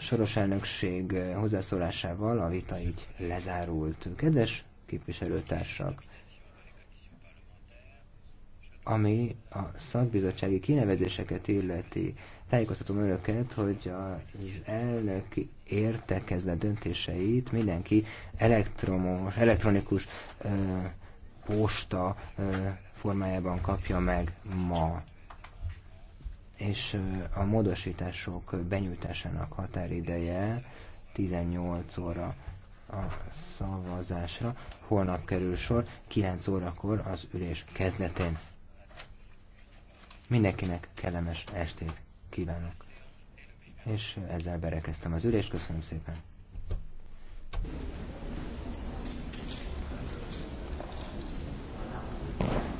soros elnökség eh, hozzászólásával a vita így lezárult. Kedves képviselőtársak, ami a szakbizottsági kinevezéseket illeti, tájékoztatom önöket, hogy az elnök értekezne döntéseit mindenki elektromos, elektronikus ö, eh, posta ö, eh, formájában kapja meg ma és a módosítások benyújtásának határideje 18 óra a szavazásra. Holnap kerül sor 9 órakor az ülés kezdetén. Mindenkinek kellemes estét kívánok. És ezzel berekeztem az ülést. Köszönöm szépen. Thank you.